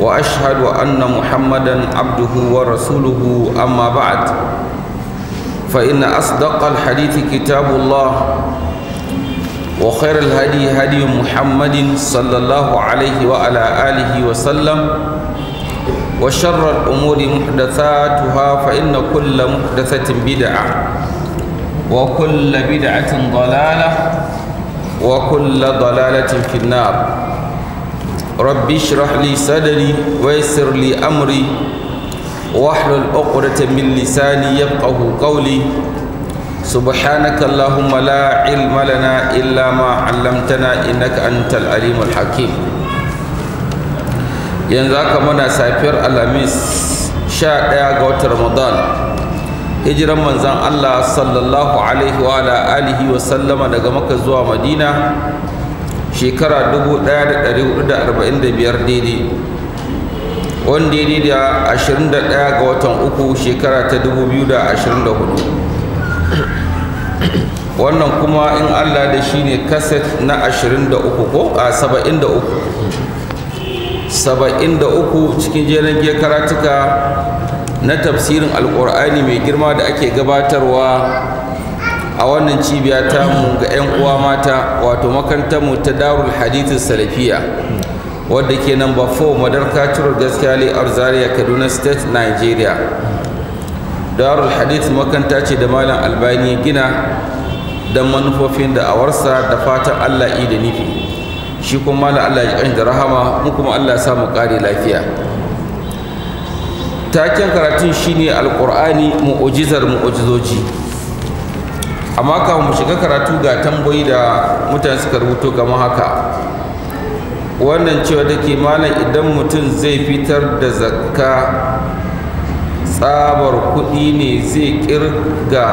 واشهد ان محمدا عبده ورسوله اما بعد فان اصدق الحديث كتاب الله وخير الهدي هدي محمد صلى الله عليه وعلى اله وسلم وشر الامور محدثاتها فان كل محدثه بدعه وكل بدعه ضلاله وكل ضلاله في النار rabbi shirah li sadari waisir li amri wahlul uqrata min lisani yabqahu qawli subhanaka allahumma la ilma lana illa ma 'allamtana innaka antal alimul hakim yanzu haka mana safiyar alhamis 11 ga watan ramadan hijiran manzon allah sallallahu alaihi wa alihi wa sallama daga maka zuwa madina shekara 1445 daidai wanda daidai da 21 ga watan uku shekara ta 2024 wannan kuma in allah da shi ne kaset na 23 ko a 73 73 cikin jerin karatuka na tafsirin alkur'ani mai girma da ake gabatarwa a wannan cibiya ta mu ga 'yan uwa mata wato makarantar mu ta darul hadithin salafiya wadda ke number 4 madarka cirar gaskiya liyar zaria kaduna state nigeria darul hadith makanta ce da malam albani gina don manufofin da awarsa da fatan allah i da nufi shi kuma malam allah ya da rahama mu kuma allah samu kare lafiya taken karatun shine Alqur'ani mu'ujizar mu'ujizoji amma kafin mu shiga karatu ga tambayi da mutane suka rubuto gama haka wannan cewa take malam idan mutum zai fitar da zakka tsabar kuɗi ne zai kirga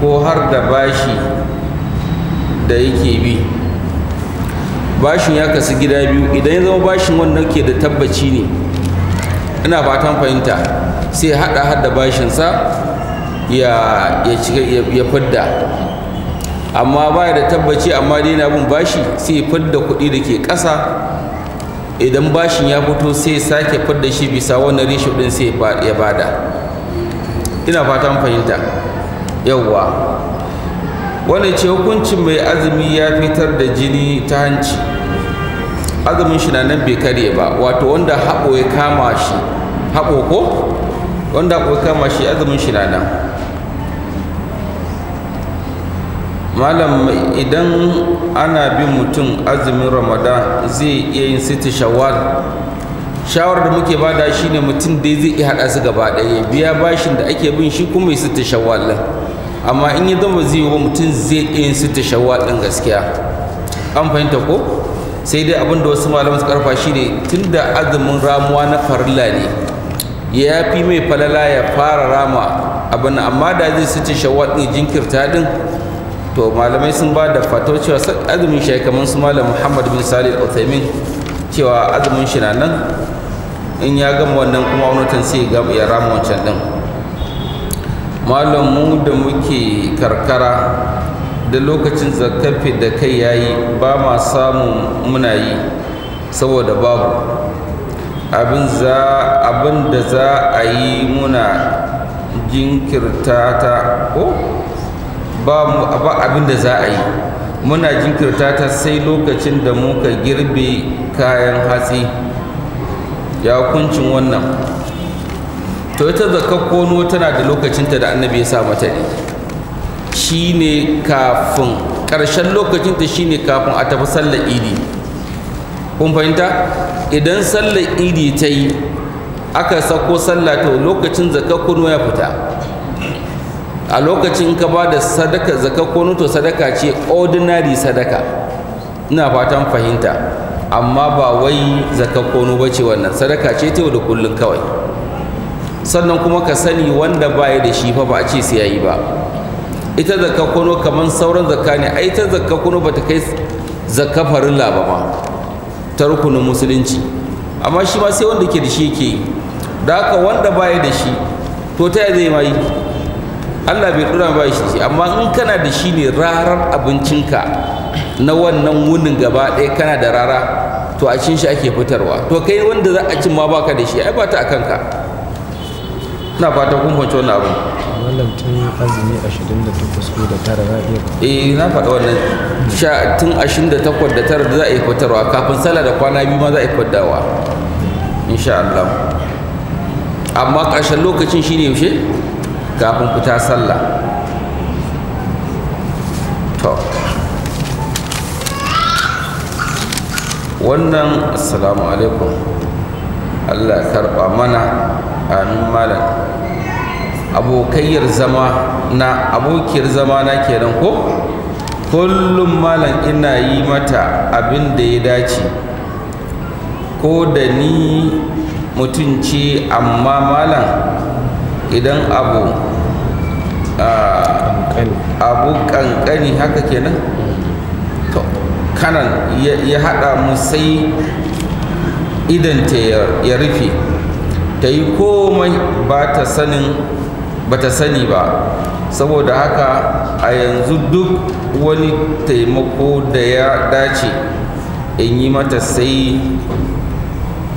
ko har da bashi da yake bi bashin ya kasu gida biyu idan ya zama bashin wannan ke da tabbaci ne ina fatan fahimta sai haɗa hada bashinsa ya ya ya fidda amma ba da tabbaci amma dai na bin bashi sai ya fidda kuɗi da ke ƙasa idan bashin ya fito sai sake fidda shi bisa wannan risho ɗin sai ya bada ina fatan fahimta yawwa wanda ce hukuncin mai azumi ya fitar da jini ta hanci azumin shi na nan bai karye ba wato wanda haɓo ya kama shi haɓo ko wanda haɓo ya kama shi azumin shi na nan malam idan ana bin mutum azumin ramadan zai iya yin siti shawar shawar da muke bada ne mutum dai zai iya haɗa su gaba ɗaya biya bashin da ake bin shi kuma ya siti shawar din amma in ya zama zai yiwu mutum zai iya yin siti shawar ɗin gaskiya an fahimta ko sai dai abin da wasu malamai su karfa shine da azumin ramuwa na farilla ne ya fi mai falala ya fara rama abin amma da zai siti shawar ɗin jinkirta ɗin to malamai sun ba da fatawar cewa azumin shi kamar su malam muhammad bin salih al-uthaymin cewa azumin shi na nan in ya gama wannan kuma wani sai ya ya rama wancan din malam mu da muke karkara da lokacin zakafi da kai yayi ba ma samun muna yi saboda babu abin abin da za a yi muna jinkirta ta ko ba abin da za a yi muna jinkirta ta sai lokacin da muka girbe kayan hatsi ya kuncin wannan to ita zakar kono tana da lokacinta da annabi ya sa mata ne shine kafin ƙarshen lokacinta shine kafin a tafi sallar idi kun fahimta idan sallar idi ta yi aka sako sallah to lokacin zakar kono ya fita a lokacin ka ba da sadaka zaka ko nuto sadaka ce ordinary sadaka ina fatan fahimta amma ba wai zaka kono ba ce wannan sadaka ce ta da kullum kawai sannan kuma ka sani wanda baya da shi fa ba a ce sai yayi ba ita zaka kono kaman sauran zakka ne ai ta zakka kono ba ta kai zakka farilla ba ma ta rukunin musulunci amma shi ma sai wanda ke da shi yake yi da haka wanda baya da shi to ta zai ma yi Allah bai dora ba shi amma in kana da shi ne rarar abincinka na wannan wunin gaba ɗaya kana da rara to a cin shi ake fitarwa to kai wanda za a cin ma baka da shi ai ba ta a kanka ina fata kun fahimci wannan abin wannan tun azumi 28 ko da tara za a iya eh na fada wannan sha tun 28 da tara za a yi fitarwa kafin sallah da kwana biyu ma za a yi fitarwa insha Allah amma ƙarshen lokacin shi ne yaushe kafin fita sallah to wannan assalamu alaikum allah karba mana amin malam abokayyar zama na abokiyar zama na kenan ko kullum malam ina yi mata abin da ya dace ko da ni mutum ce amma malam idan abu abu kankani haka kenan to kanan ya hada mu sai ta ya rufe ta yi komai ba ta sanin ba ta sani ba saboda haka a yanzu duk wani taimako da ya dace in yi mata sai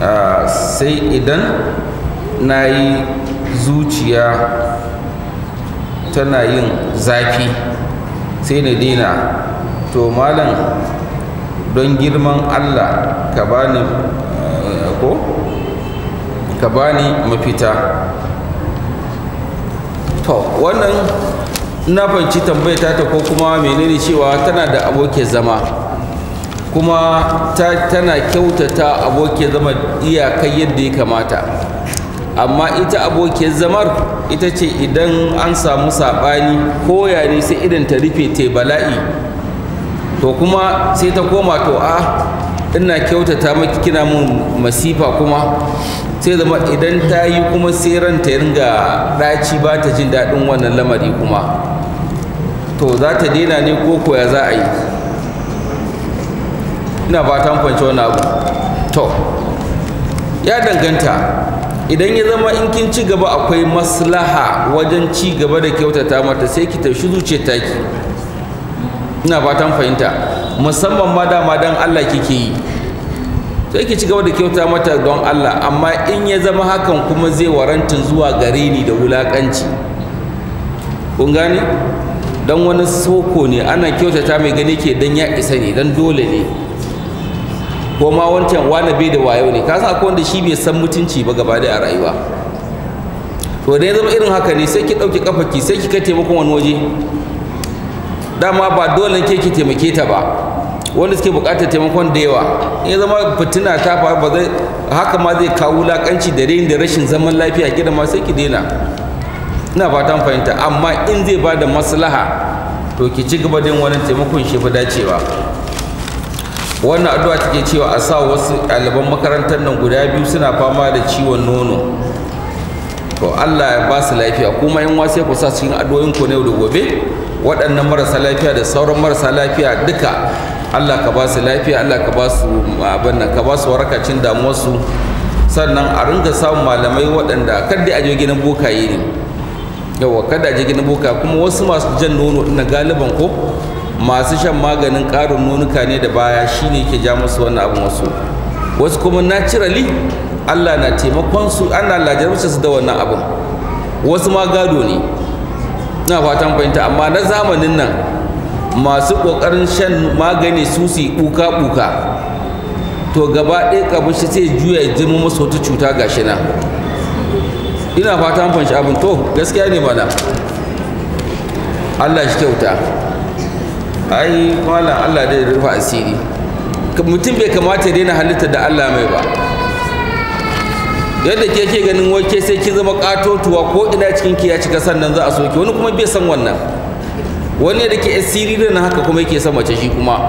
ah, sai idan na yi zuciya tana yin zafi sai na dina to malam don girman allah ka bani eh, ko ka bani mafita to wannan na fahimci tambayata ta ko kuma menene cewa tana da abokin zama kuma ta tana kyautata aboke zama iyakai yadda ya kamata amma ita abokin zamar ita ce idan an samu saɓani ko ne sai idan ta rufe ta bala'i to kuma sai ta koma to a ina kyautata maki kina mun masifa kuma sai zama idan ta yi kuma sai ta ya ringa ɗaci ba ta jin daɗin wannan lamari kuma to za ta daina ne ko koya za a yi ina ta kwanci wani abu to ya danganta idan ya zama in kin ci gaba akwai maslaha wajen ci gaba da kyautata mata sai ki taushi ce taki ina fatan fahimta musamman ma dama dan Allah kike yi sai ki ci gaba da kyauta mata don Allah amma in ya zama hakan kuma zai warantin zuwa gare ni da wulakanci kun gane dan wani soko ne ana kyautata mai gani ke dan ya isa ne dan dole ne ko ma wancan wani bai da wayo ne kasan akwai wanda shi bai san mutunci ba gaba da a rayuwa to da ya zama irin haka ne sai ki ɗauki kafaki sai ki kai taimakon wani waje dama ba dole ke ki taimake ta ba wanda suke bukatar taimakon da yawa in ya zama fitina ta faru ba zai haka ma zai kawo wulaƙanci da rain da rashin zaman lafiya gida ma sai ki daina ina fatan fahimta amma in zai ba da maslaha to ki ci gaba da yin wani taimakon shi fi dacewa wannan addu'a take cewa a sa wasu ɗaliban makarantar nan guda biyu suna fama da ciwon nono to Allah ya ba su lafiya kuma in sai ku sa cikin addu'o'in ku ne da gobe waɗannan marasa lafiya da sauran marasa lafiya duka Allah ka ba su lafiya Allah ka ba su abin nan ka ba su warakacin damuwarsu sannan a ringa samun malamai waɗanda kada a je gidan bokaye ne yawa kada a je ginin boka kuma wasu masu jan nono ɗin galiban ko masu shan maganin ƙarin nunuka ne da baya shine ke ja musu wannan abin wasu wasu kuma naturally Allah na taimakon su ana lajarci su da wannan abin wasu ma gado ne na fatan fahimta amma na zamanin nan masu ƙoƙarin shan magani su su ɓuka ɓuka to gaba ɗaya kabushi sai juya ya zama musu wata cuta gashi na ina fatan fahimci abin to gaskiya ne mana Allah shi kyauta ai kwana Allah da rufa asiri mutum bai kamata daina halitta da Allah mai ba yadda ke ke ganin wake sai ki zama katotuwa ko ina cikin ki ya cika sannan za a soke wani kuma bai san wannan wani da ke asiri da haka kuma yake son mace shi kuma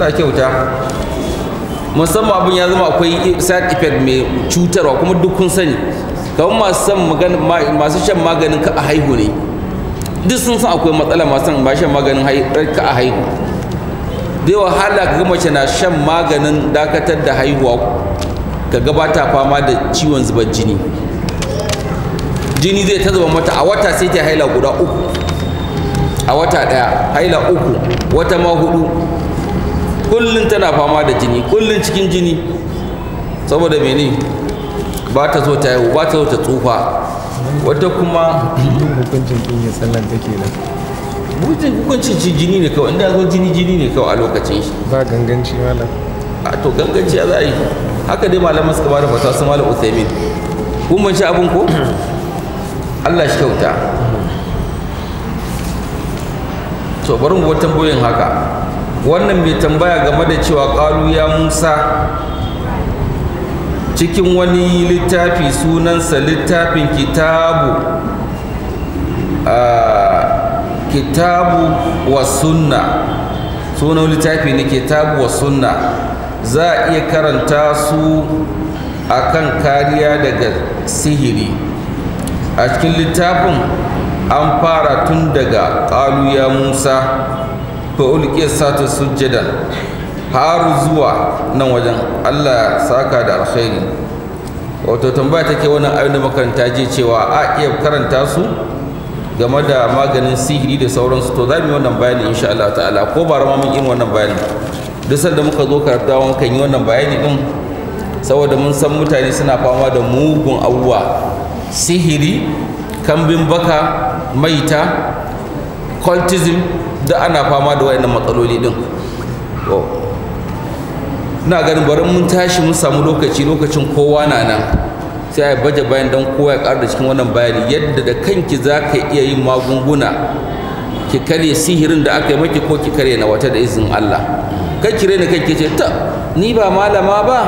Allah kyauta musamman abin ya zama akwai side effect mai cutarwa kuma duk kun sani kamar masu shan maganin ka a haihu ne duk sun san akwai matsala masu ba shan maganin ɗarka a haihu bai wahala ga mace na shan maganin dakatar da haihuwa ka gabata fama da ciwon zubar jini jini zai ta zuba mata a wata sai ta haila guda uku a wata ɗaya haila uku wata ma hudu kullum tana fama da jini kullum cikin jini saboda mene ba ta so ta haihu ba ta so ta tsufa wata kuma yin hukuncin kin tsallan take nan hukuncin ci jini ne kawai inda zo jini jini ne kawai a lokacin shi ba ganganci malam a to ganganci ya za a yi haka dai malamin suka bada fata su malam usaimin kun ban shi abin ko Allah shi kyauta to bari mu tambayoyin haka wannan mai tambaya game da cewa qalu ya Musa cikin wani littafi sunansa littafin kitabu kitabu wa sunna sunan littafi ne kitabu wa sunna za a iya karanta su a kan kariya daga sihiri a cikin littafin an fara tun daga ƙalu musa fa'ul ƙiyar sata sujjadan har zuwa nan wajen allah saka da alkhairi wato tambaya take wannan ayoyin makaranta je cewa a iya karanta su game da maganin sihiri da sauransu to za mu yi wannan bayani insha Allah ta'ala ko ba rama mun yin wannan bayani duk sanda muka zo karatawa kan yi wannan bayani din saboda mun san mutane suna fama da mugun abubuwa sihiri kambin baka maita cultism da ana fama da wayannan matsaloli din ina ganin bari mun tashi mun samu lokaci lokacin kowa na nan sai a baje bayan dan kowa ya ƙara da cikin wannan bayani yadda da kanki za ka iya yin magunguna ki kare sihirin da aka yi maki ko ki kare na wata da izin Allah kai ki rena ki ce ta ni ba malama ba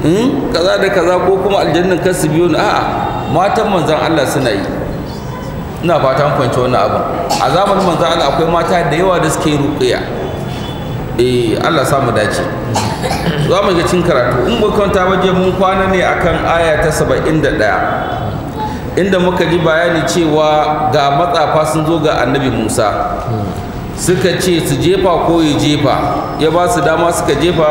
hmm, kaza da kaza ko kuma aljannin kasu biyu a'a matan manzan Allah suna yi ina fatan kwance wannan abin a zamanin manzan Allah akwai mata da yawa da suke ruqiya eh Allah samu dace za mu ga cin karatu in ba kwanta ba je mun kwana ne akan aya ta 71 inda muka ji bayani cewa ga matsafa sun zo ga annabi Musa suka ce su jefa ko ya jefa ya ba su dama suka jefa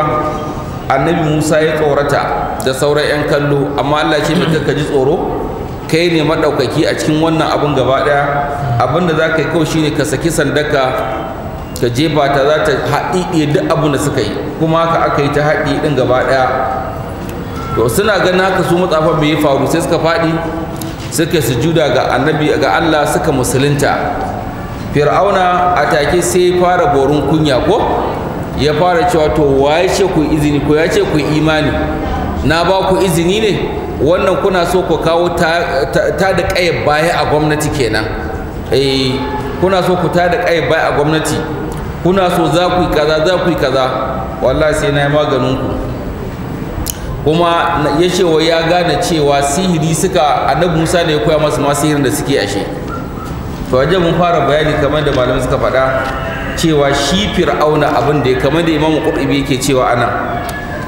annabi Musa ya tsorata da sauran 'yan kallo amma Allah ce mai ka ji tsoro kai ne maɗaukaki a cikin wannan abin gaba ɗaya abin da za ka yi kawai shine ka saki sandaka suka jefa ta za ta haɗiɗe duk abin da suka yi kuma haka aka yi ta haɗi ɗin gaba ɗaya to suna ganin haka su matsafa bai yi faru sai suka faɗi suka sujuda ga annabi ga Allah suka musulunta fir'auna a take sai fara borin kunya ko ya fara cewa to waye ce ku izini ko ya ce ku imani na ba ku izini ne wannan kuna so ku kawo ta, da baya a gwamnati kenan eh, kuna so ku ta da baya a gwamnati kuna so za ku yi kaza za ku yi kaza wallahi sai na yi maganin ku kuma ya ce wa ya gane cewa sihiri suka annabi musa ne ya koya masu ma sihirin da suke ashe to wajen mun fara bayani kamar da malamai suka faɗa cewa shi fir'auna abin da ya kama da imamu qurtubi yake cewa anan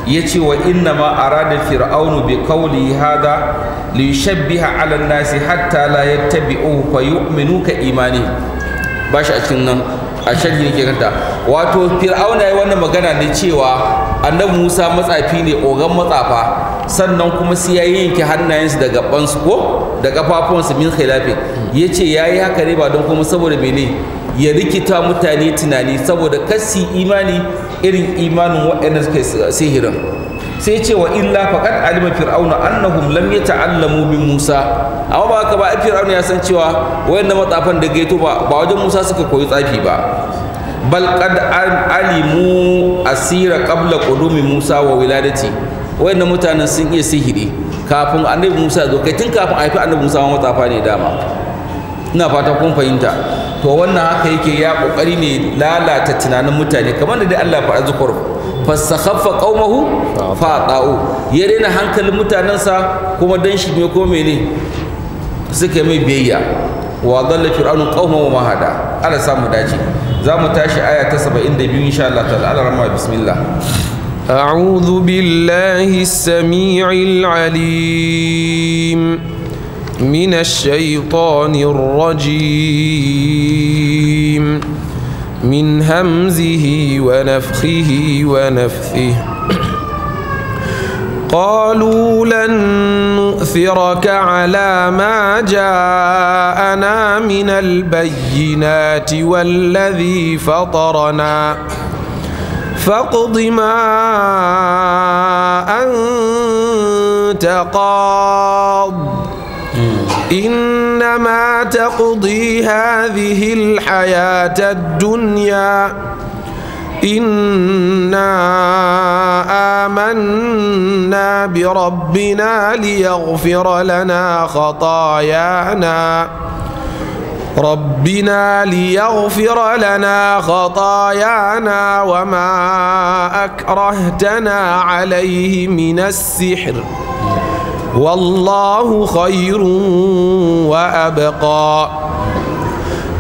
ya ce wa inna ma arada fir'aunu bi qawli hada li yushabbiha ala nasi hatta la yattabi'u fa yu'minu ka imani ba shi a cikin nan a shan nake kanta wato fir'auna yayi wannan magana ne cewa annabi Musa matsafi ne ogan matsafa sannan kuma sai ya yanke hannayensu da gabansu ko da kafafuwansu min ya ce ya yi haka ne ba don kuma saboda mene ya rikita mutane tunani saboda kasi imani irin imanin waɗanda suka sihirin sai ce wa illa faqad alima fir'auna annahum lam yata'allamu min Musa amma ba haka ba fir'auna ya san cewa wayannan matsafan da gaito ba ba wajen Musa suka koyi tsafi ba bal qad alimu asira qabla qudumi Musa wa wiladati na mutanen sun iya sihiri kafin annabi Musa zo kai tun kafin haifi annabi Musa ma matsafa ne dama ina fata kun fahimta to wannan haka yake ya kokari ne lalata tunanin mutane kamar da dai Allah fa azkur fastakhaffa qaumahu faqa'u ya rena hankalin mutanensa kuma dan shi ne ko mene suka mai biyayya wa dhalla fir'aunu qaumahu ma hada ala samu dace zamu tashi aya ta 72 insha Allah ta'ala rama bismillah أعوذ بالله السميع العليم من الشيطان الرجيم من همزه ونفخه ونفثه قالوا لن نؤثرك على ما جاءنا من البينات والذي فطرنا فاقض ما أنت قاض إنما تقضي هذه الحياة الدنيا إنا آمنا بربنا ليغفر لنا خطايانا ربنا ليغفر لنا خطايانا وما أكرهتنا عليه من السحر والله خير وأبقى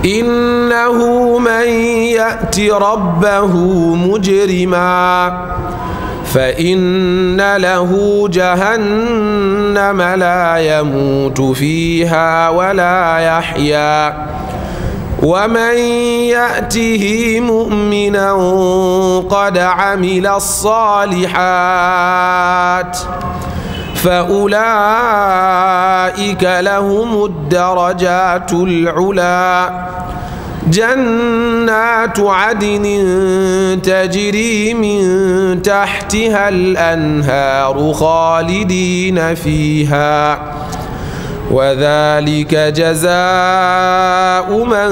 إنه من يأت ربه مجرما فإن له جهنم لا يموت فيها ولا يحيا ومن ياته مؤمنا قد عمل الصالحات فأولئك لهم الدرجات العلا جنات عدن تجري من تحتها الأنهار خالدين فيها وذلك جزاء من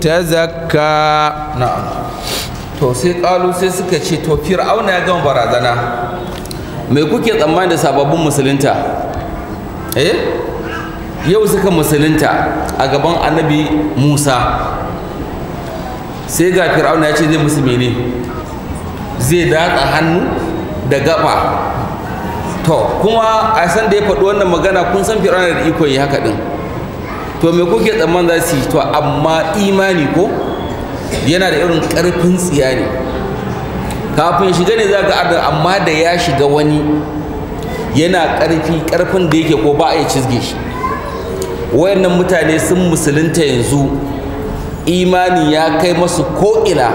تزكى نعم to ألو kalu sai suka ce to fir'auna Mai kuke tsammani da sababbin musulunta eh yau suka musulunta a gaban annabi musa sai ga fir'auna ya ce zai musu mene zai datsa hannu da gaba to kuma a san da ya faɗi wannan magana kun san fir'auna da ikon yi haka ɗin to mai kuke tsammanin za su yi to amma imani ko yana da irin ƙarfin tsiya ne kafin shiga ne za ka amma da ya shiga wani yana karfi karfin da yake ko ba a yi cizge shi wayannan mutane sun musulunta yanzu imani ya kai masu ko'ina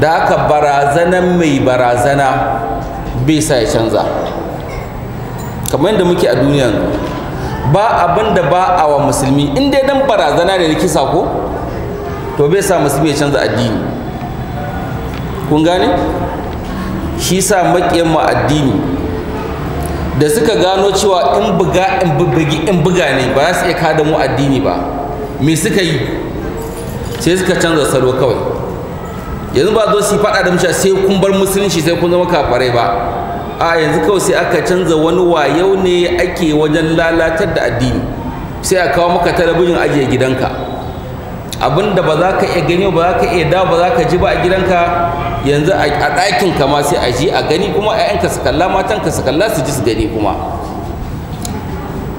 da haka barazanan mai barazana bai sa ya canza kamar yadda muke a duniya ba abin da ba a wa musulmi inda dai dan barazana ne na kisa ko to bai sa musulmi ya canza addini kun gane shi sa maƙiyan mu addini da suka gano cewa in buga in in buga ne ba za su iya kada mu addini ba me suka yi sai suka canza salo kawai yanzu ba zo su faɗa da musha sai kun bar musulunci sai kun zama kafarai ba a yanzu kawai sai aka canza wani wayau ne ake wajen lalatar da addini sai a kawo maka talabijin ajiye gidanka abinda ba za ka iya gani ba za ka iya da ba za ka ji ba a gidanka yanzu a ɗakin ka ma sai a ji a gani kuma ƴaƴanka su kalla ka su kalla su ji su gani kuma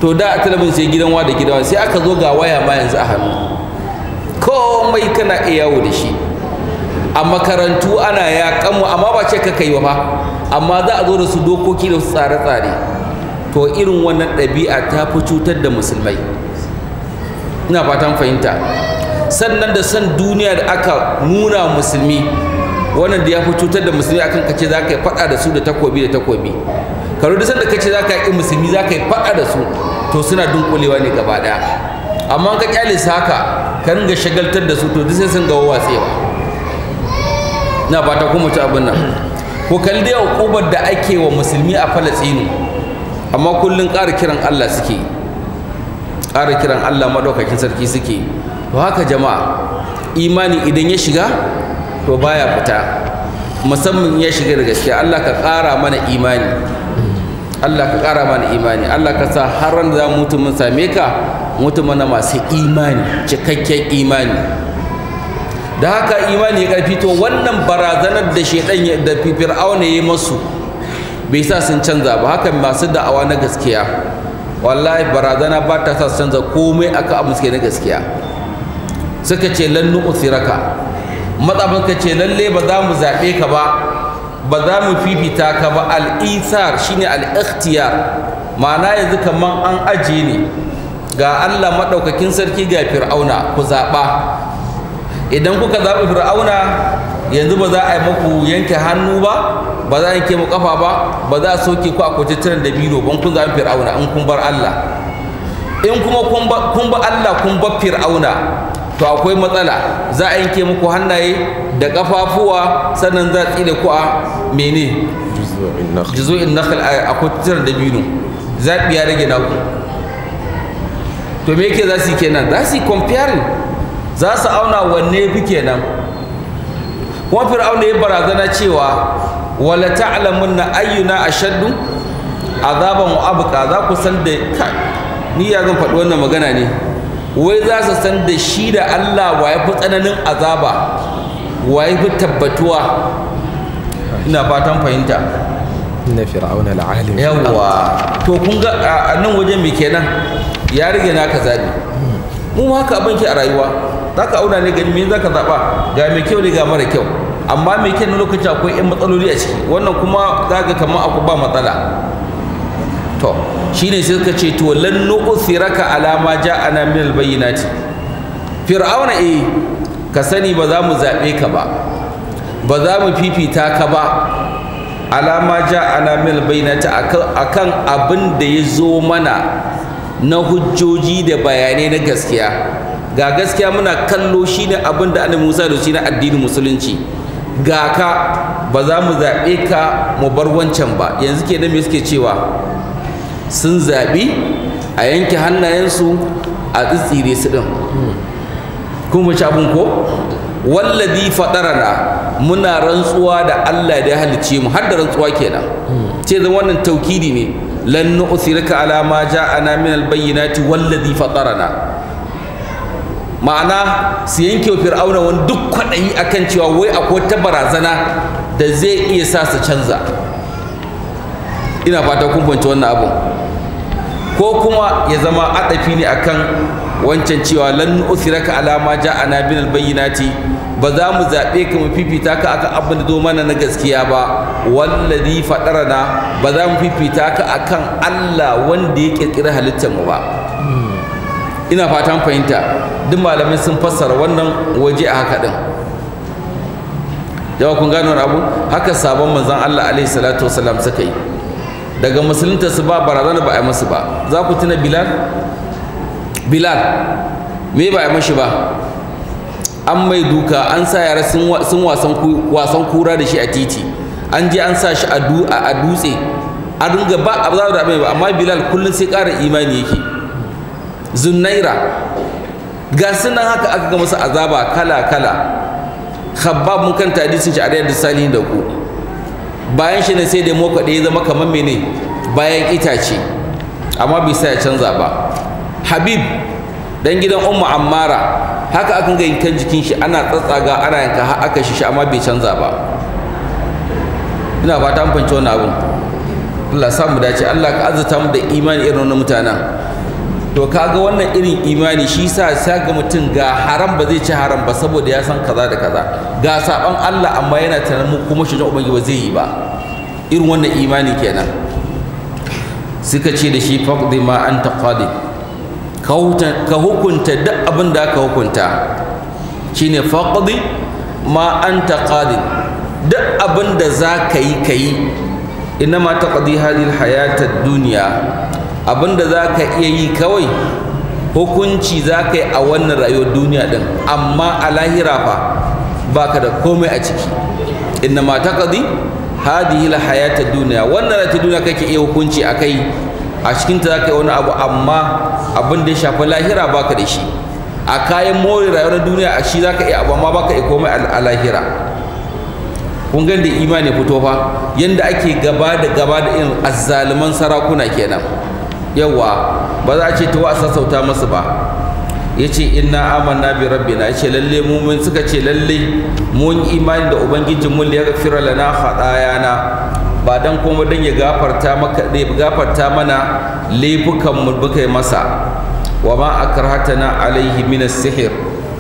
to da a talabin sai gidan wa da gidan sai aka zo ga waya ma yanzu a hannu komai kana iya yawo da shi a makarantu ana ya mu amma ba ce ka kai ba amma za a zo da su dokoki da su tsare-tsare to irin wannan ɗabi'a ta fi cutar da musulmai ina fatan fahimta sannan da san duniya da aka nuna musulmi wannan da ya fi cutar da musulmi akan kace za ka yi faɗa da su da takobi da takobi karo da sanda kace za ka yi musulmi za ka yi faɗa da su to suna dunkulewa ne gaba ɗaya amma ka kyale su haka ka ringa shagaltar da su to duk sai sun ga watsewa na fata ko mu ci abin nan ko kalli da uƙubar da ake wa musulmi a falastinu amma kullum ƙara kiran allah suke ƙara kiran allah maɗaukakin sarki suke to haka jama'a imani idan ya shiga to baya fita musamman ya shiga da gaskiya Allah ka ƙara mana imani Allah ka ƙara mana imani Allah ka sa har ran da mutu mun same ka mutum mana masu imani cikakken imani da haka imani ya karfi to wannan barazanar da shedan da fir'auna ya masu bai sa sun canza ba haka masu da'awa na gaskiya wallahi barazana ba ta sa sun canza komai aka abu suke na gaskiya suka ce lannu nu'thiraka matsabin ka ce lalle ba za mu zaɓe ka ba ba za mu fifita ka ba al'isar shine al'ikhtiyar ma'ana yanzu kaman an ajiye ne ga Allah maɗaukakin sarki ga fir'auna ku zaɓa idan kuka zaɓi fir'auna yanzu ba za a yi maku yanke hannu ba ba za a yanke mu kafa ba ba za a soke ku a kwace tiran da biro ban kun zaɓi fir'auna in kun bar Allah in kuma kun ba Allah kun bar fir'auna to akwai matsala za a yanke muku hannaye da kafafuwa sannan za a tsine ku a mene juzu'in nakhil a kwatar da binu zaɓi ya rage naku to me yake za su yi kenan za su yi comparing za su auna wanne fi kenan kuma fir'auna ya barazana cewa wala na ayyuna ashaddu azaban wa abqa za ku san da ni ya zan faɗi wannan magana ne wai za su san da shi da Allah wa ya fi tsananin azaba wa ya fi tabbatuwa ina fatan fahimta Ina fir'auna la'alim yawa to kun ga a nan wajen mai kenan ya rige naka zabi mu haka abin ke a rayuwa Za ka auna ne gani me ka zaba ga mai kyau ne ga mara kyau amma mai kyau na lokaci akwai yan matsaloli a ciki wannan kuma za ka kamar akwai ba matsala to ne sai suka ce to lan nu'thiraka ala ma ja'ana min albayyinati fir'auna eh ka sani ba za mu zaɓe ka ba ba za mu fifita ka ba alama ja ana mil bainata akan abin da ya zo mana na hujjoji da bayanai na gaskiya ga gaskiya muna kallo shine abin da annabi Musa da shi na addinin musulunci ga ka ba za mu zaɓe ka mu bar wancan ba yanzu ke me suke cewa sun zaɓi a yanke hannayensu a tsitsire su ɗin kuma ci abin ko wallazi fadarana muna rantsuwa da Allah da ya halicce mu har da rantsuwa kenan ce zan wannan taukidi ne lan nu'thirka ala ma ja'ana min albayyinati wallazi na. ma'ana su yanke wa fir'auna wani duk kwaɗayi akan cewa wai akwai ta barazana da zai iya sa su canza ina fata kun fahimci wannan abin. ko kuma ya zama adafi ne akan wancan cewa lan usiraka alama ja ana bil bayyinati ba za mu zaɓe ka mu fifita ka akan abin da zo mana na gaskiya ba wallazi fadarana ba za mu fifita ka akan Allah wanda ya kirkiri halittar mu ba ina fatan fahimta duk malamai sun fassara wannan waje a haka din yawa kun gano abu haka sabon manzon Allah alaihi salatu wasallam suka yi daga musulunta su ba barazana ba a yi masu ba za ku tuna bilal bilal me ba a yi mashi ba an mai duka an sa yara sun wasan kura da shi a titi an je an sa shi a dutse a dunga ba a za da ba amma bilal kullum sai ƙara imani yake zunaira ga sunan haka aka ga masu azaba kala kala khabbab mun kanta hadisin shi a da salihin da ku bayan shi ne sai da moka ɗaya zama kamar mene bayan itace amma bai sa ya canza ba habib dan gidan umma ammara haka akan ga yankan jikin shi ana tsatsaga ana yanka har aka shi amma bai canza ba ina fata an fahimci wannan abin Allah sa mu dace Allah ka azuta mu da imani irin wannan mutanen to kaga wannan irin imani shi sa sa ga mutum ga haram ba zai ci haram ba saboda ya san kaza da kaza ga saban Allah amma yana tunanin kuma shi ubangiji ba zai yi ba irin wannan imani kenan suka ce da shi faqdi ma anta qadi ka hukunta duk abin da ka hukunta shine faqdi ma anta qadi duk abin da za ka yi ka yi inna ma taqdi hadhihi alhayata ad-dunya abinda za ka iya yi kawai hukunci za ka yi a wannan rayuwar duniya din amma a lahira fa baka da komai a ciki inna ma taqdi hadihi la hayata duniya wannan rayuwar duniya kake iya hukunci a kai a cikinta za zaka yi wani abu amma abin da ya shafi lahira baka da shi a kayan more rayuwar duniya a shi zaka iya abu amma baka iya komai a lahira kun gan da imani fito fa yanda ake gaba da gaba da irin azzaliman sarakuna kenan yawa ba za a ce ta wasa sauta masu ba ya ce inna amanna bi rabbina ya ce lalle mu suka ce lalle mun imani da ubangijin mun ya gafira lana na ba dan kuma dan ya gafarta maka ne gafarta mana laifukan mu bukai masa wa ma akrahatana alaihi min sihir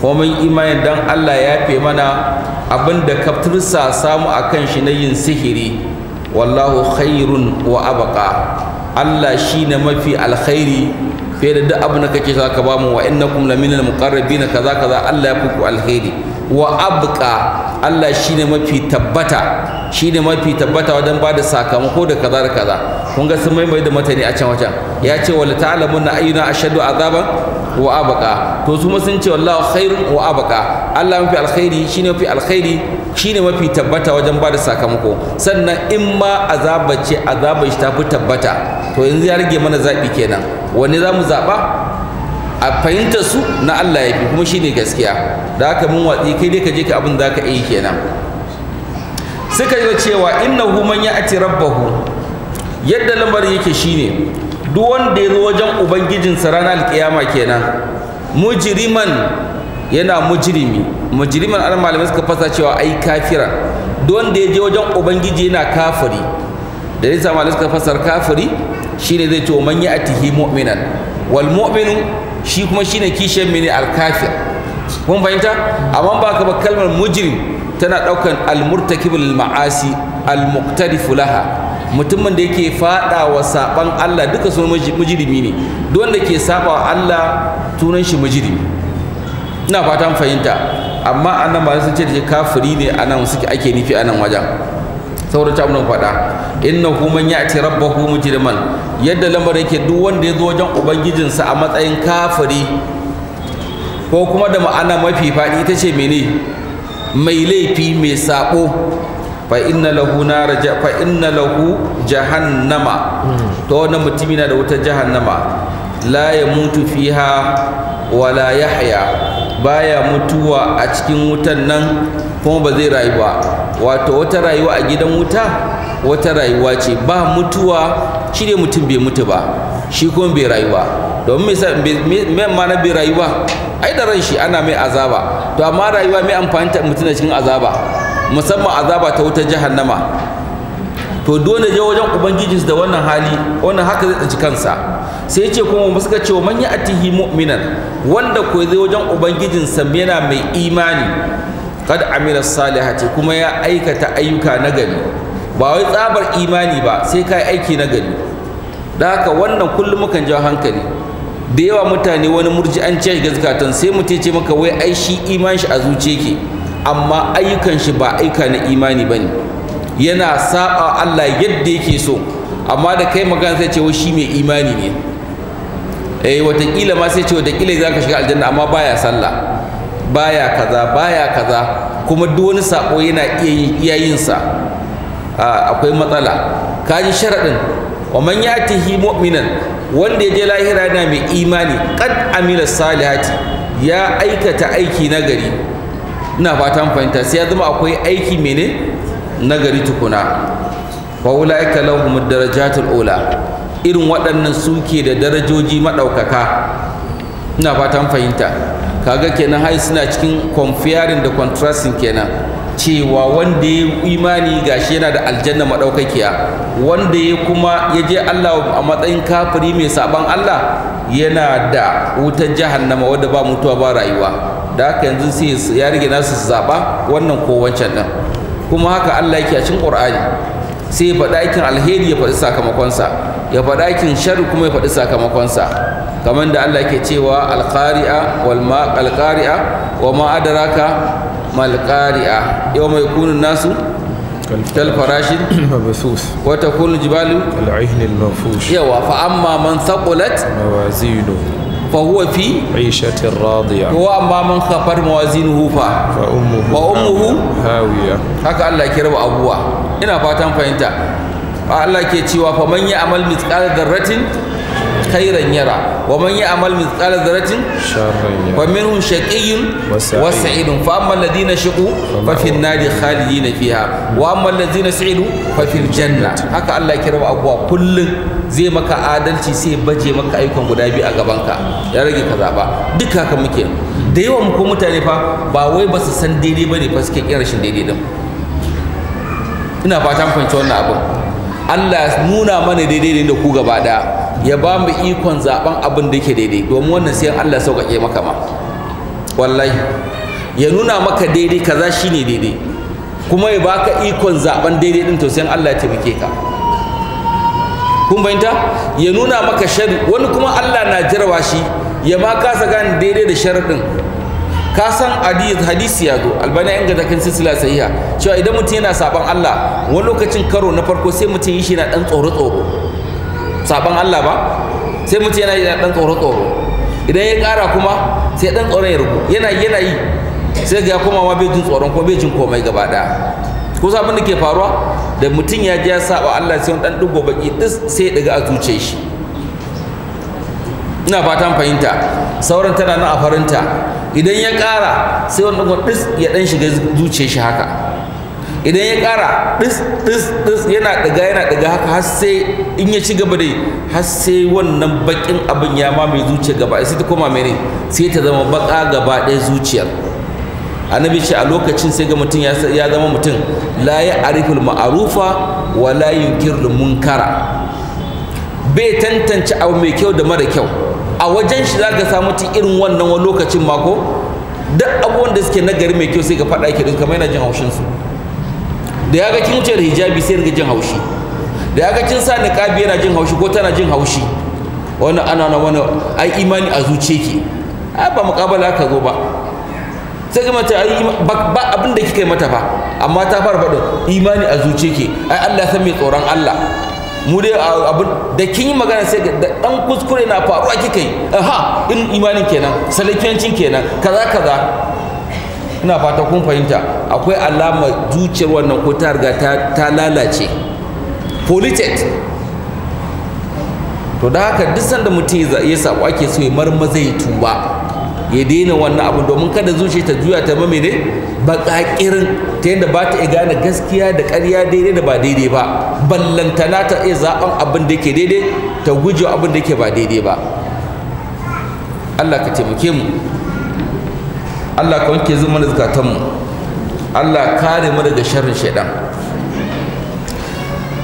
ko mun imani dan Allah ya fe mana abinda ka sa samu akan shi na yin sihiri wallahu khairun wa abqa Allah shine mafi alkhairi fiye da duk abin da kake so ka bamu wa innakum laminal muqarrabin kaza kaza Allah ya kuku alkhairi wa abqa Allah shine mafi tabbata shine mafi tabbata wajen ba da sakamako da kaza da kaza kun ga sun maimai da mutane a can wajen ya ce wala ta'lamun na ayyuna ashadu azaban wa abaka to su sun ce wallahu khairun wa abaka Allah mafi alkhairi shine mafi alkhairi shine mafi tabbata wajen bada sakamako sannan in ma azaba ce azaba shi ta fi tabbata to yanzu ya rage mana zaɓi kenan wani za mu zaba a fahimtar su na Allah ya fi kuma shine gaskiya da haka mun watsi kai dai ka je ka abin da ka yi kenan suka yi cewa innahu man ya'ti rabbahu yadda lamarin yake shine duk wanda ya zo wajen ubangijinsa ranar alkiyama kenan mujriman yana mujrimi mujriman an malamai suka fasa cewa ai kafira duk wanda ya je wajen ubangiji yana kafiri da yasa malamai suka fasar kafiri shine zai ce man ya'tihi mu'minan wal mu'minu shi kuma shine kishiyar mini alkafir kun fahimta amma ba ka kalmar mujrim tana daukan almurtakibul ma'asi almuqtarifu laha mutumin da yake fada wa saban Allah duka sun mujrimi ne duk wanda ke saba wa Allah tunan shi mujrimi ina fatan fahimta amma annan ba sun ce da kafiri ne anan suke ake nufi anan wajen saboda ta abin faɗa hu man ya'ti rabbahu mujriman yadda lamarin yake duk wanda ya zo wajen ubangijinsa a matsayin kafiri ko kuma da ma'ana mafi faɗi ita ce mene mai laifi mai sabo fa inna lahu fa inna lahu jahannama to wannan mutumi na da wata jahannama la yamutu fiha wala yahya baya mutuwa a cikin wutan nan kuma ba zai rayu ba wato wata rayuwa a gidan wuta wata rayuwa ce ba mutuwa shi ne mutum bai mutu ba shi kuma bai rayuwa domin me mana bai rayuwa ai da ran shi ana mai azaba to amma rayuwa mai amfani ta mutum da cikin azaba musamman azaba ta wutar jahannama to dole je wajen ubangijinsu da wannan hali wannan haka zai tsaci kansa sai ce kuma mu suka ce wa manya atihi mu'minan wanda ko zai wajen ubangijinsa yana mai imani Kada Amina salihati kuma ya aikata ayyuka na gari ba wai tsabar imani ba sai kai aiki na gari da haka wannan kullum mukan jawo hankali da yawa mutane wani murji an ce ga zakatan sai mutum ce maka wai ai shi iman shi a zuciya ke amma ayyukan shi ba aika na imani bane yana saba Allah yadda yake so amma da kai magana sai ce wai shi mai imani ne eh watakila ma sai ce watakila za ka shiga aljanna amma baya sallah baya kaza baya kaza kuma duk wani sako yana iya yin sa akwai matsala kaji sharadin wa man yatihi mu'minan wanda ya je lahira yana mai imani qad amila salihati ya aikata aiki nagari ina fatan fahimta sai ya zama akwai aiki mene nagari tukuna fa ulaika lahum darajatul ula irin waɗannan suke da darajoji maɗaukaka ina fatan fahimta kaga kenan hai suna cikin comparing da contrasting kenan cewa wanda ya imani gashi yana da aljanna madaukakiya wanda ya kuma ya je Allah a matsayin kafiri mai saban Allah yana da wutar jahannama wadda ba mutuwa ba rayuwa da haka yanzu sai ya rige nasu su zaɓa wannan ko wancan ɗin kuma haka Allah yake a cikin Qur'ani sai ya faɗa aikin alheri ya faɗi sakamakonsa ya faɗa kin shari kuma ya faɗi sakamakonsa kamar da Allah ke cewa alqari'a wal ma wa ma adraka mal qari'a mai kunun nasu kal farashin mabsus wa takunu jibalu kal ihni al manfush yawa fa amma man thaqulat mawazinuhu فهو في عيشة راضية وأما من خفر موازينه فأمه فأمه Haka Allah الله كرب أبوه ina fatan fahimta Allah ke cewa fa man ya'mal mithqala dharratin khairan yara wa man ya'mal mithqala dharratin sharran yara wa minhum shaqiyyun wa sa'idun fa amma alladhina shaqu fa fi an-nari khalidin fiha wa amma alladhina sa'idu fa fil janna haka Allah ke kirba abuwa kullun zai maka adalci sai baje maka aikon guda biyu a gabanka ya rage ka zaba duk haka muke da yawan ko mutane fa ba wai ba su san daidai bane fa suke kin shi daidai din ina fatan fahimci wannan abin Allah nuna mana daidai da ku gaba daya ya ba mu ikon zaben abin da yake daidai domin wannan sai Allah sauƙaƙe maka ma wallahi ya nuna maka daidai kaza shine daidai kuma ya baka ikon zaben daidai din to sai Allah ya taimake ka kun fahimta ya nuna maka shari wani kuma Allah na jarawa shi ya ma kasa gane daidai da sharadin ka san hadisi ya zo albani yan gazakin sisila sahiha cewa idan mutum yana saban Allah wani lokacin karo na farko sai mutum yi shi na dan tsoro tsoro saban Allah ba sai mutum yana yi na dan tsoro tsoro idan ya kara kuma sai dan tsoron ya rubu yana yana yi sai ga kuma ma bai jin tsoron kuma bai jin komai gaba daya ko sabon da ke faruwa da mutum ya ji ya saba Allah sai wani dan dugo baki dis sai ya daga a zuciyar shi ina fatan fahimta sauran tana nan a farinta idan ya ƙara sai wani ɗigon ɗis ya ɗan shiga zuciyar shi haka idan ya ƙara ɗis ɗis ɗis yana ɗiga yana ɗiga haka har sai in ya ci gaba dai har sai wannan baƙin abin ya ma mai zuciya gaba sai ta koma mene sai ta zama baka gaba ɗaya zuciyar annabi ce a lokacin sai ga mutum ya zama mutum la ya ariful ma'arufa wa la yunkirul munkara bai tantance abu mai kyau da mara kyau a wajen shi za ka samu ta irin wannan wani lokacin mako duk abubuwan da suke nagari mai kyau sai ka faɗa ki kamar yana jin haushin su da ya ga kin wuce da hijabi sai ga jin haushi da ya ga kin sa niqabi yana jin haushi ko tana jin haushi wani ana na wani ai imani a zuce ki a ba muƙabala ka zo ba sai ga mata ai ba abin da kika yi mata ba amma ta fara faɗin imani a zuce ki ai Allah san mai tsoron Allah mu dai abu da kin yi magana sai da dan kuskure na faruwa kika yi aha in imanin kenan salakiyancin kenan kaza kaza ina fata kun fahimta akwai alama zuciyar wannan ko ta riga ta lalace polluted to da haka duk sanda mutum ya sako ake so ya marmaza ya tuba ya daina wannan abu domin kada zuciya ta juya ta mame ne baƙaƙirin ta yadda ba ta iya gane gaskiya da ƙarya daidai da ba daidai ba ballantana ta iya zaɓen abin da yake daidai ta guje abin da yake ba daidai ba Allah ka taimake mu Allah ka wanke zuma da zukatanmu Allah kare mu daga sharrin shaidan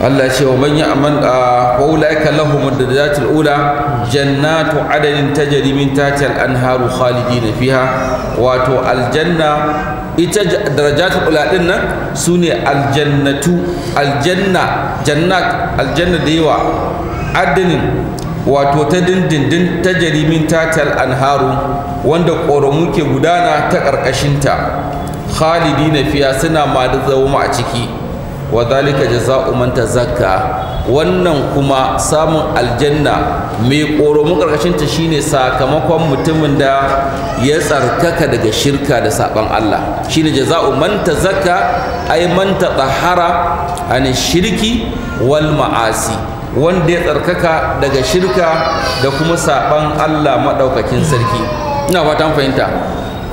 Allah ce wa man ya'mal fa ulaika lahum ad-darajatul ula jannatu adadin tajri min tahtiha al-anharu khalidina fiha wato aljanna ita darajatul ula din nan sune aljannatu aljanna jannat aljanna da yawa adadin wato ta dindindin ta jarimin al anharu wanda ƙoramu ke gudana ta karkashin ta khalidina fiya suna ma da a ciki wa dalika jaza'u man tazakka wannan kuma samun aljanna mai ƙoromin karkashin ta shine sakamakon mutumin da ya tsarkaka daga shirka da saɓan Allah shine jaza'u man tazakka ay man tatahara an shirki wal ma'asi wanda ya tsarkaka daga shirka da kuma saɓan Allah maɗaukakin sarki ina fatan fahimta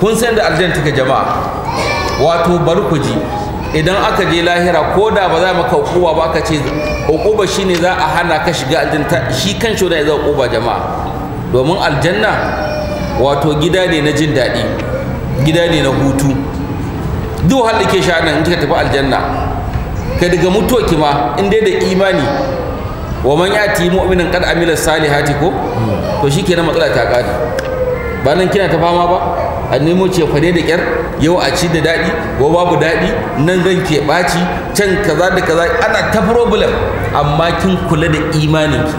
kun san da aljanna take jama'a wato barkuji idan aka je lahira ko da ba za maka hukuba ba ka ce hukuma shine za a hana ka shiga aljanna shi kan shi ya za hukuba jama'a domin aljanna wato gida ne na jin daɗi gida ne na hutu duk wahalar ke sha nan in kika tafi aljanna ka daga mutuwa ki ma in dai da imani wa man yati mu'minin qad amila salihati ko to shikenan matsala ta kare ba nan kina ta fama ba a nemo fare da kyar yau a ci da daɗi ko babu daɗi nan zan ke ɓaci can kaza da kaza ana ta problem amma kin kula da imaninki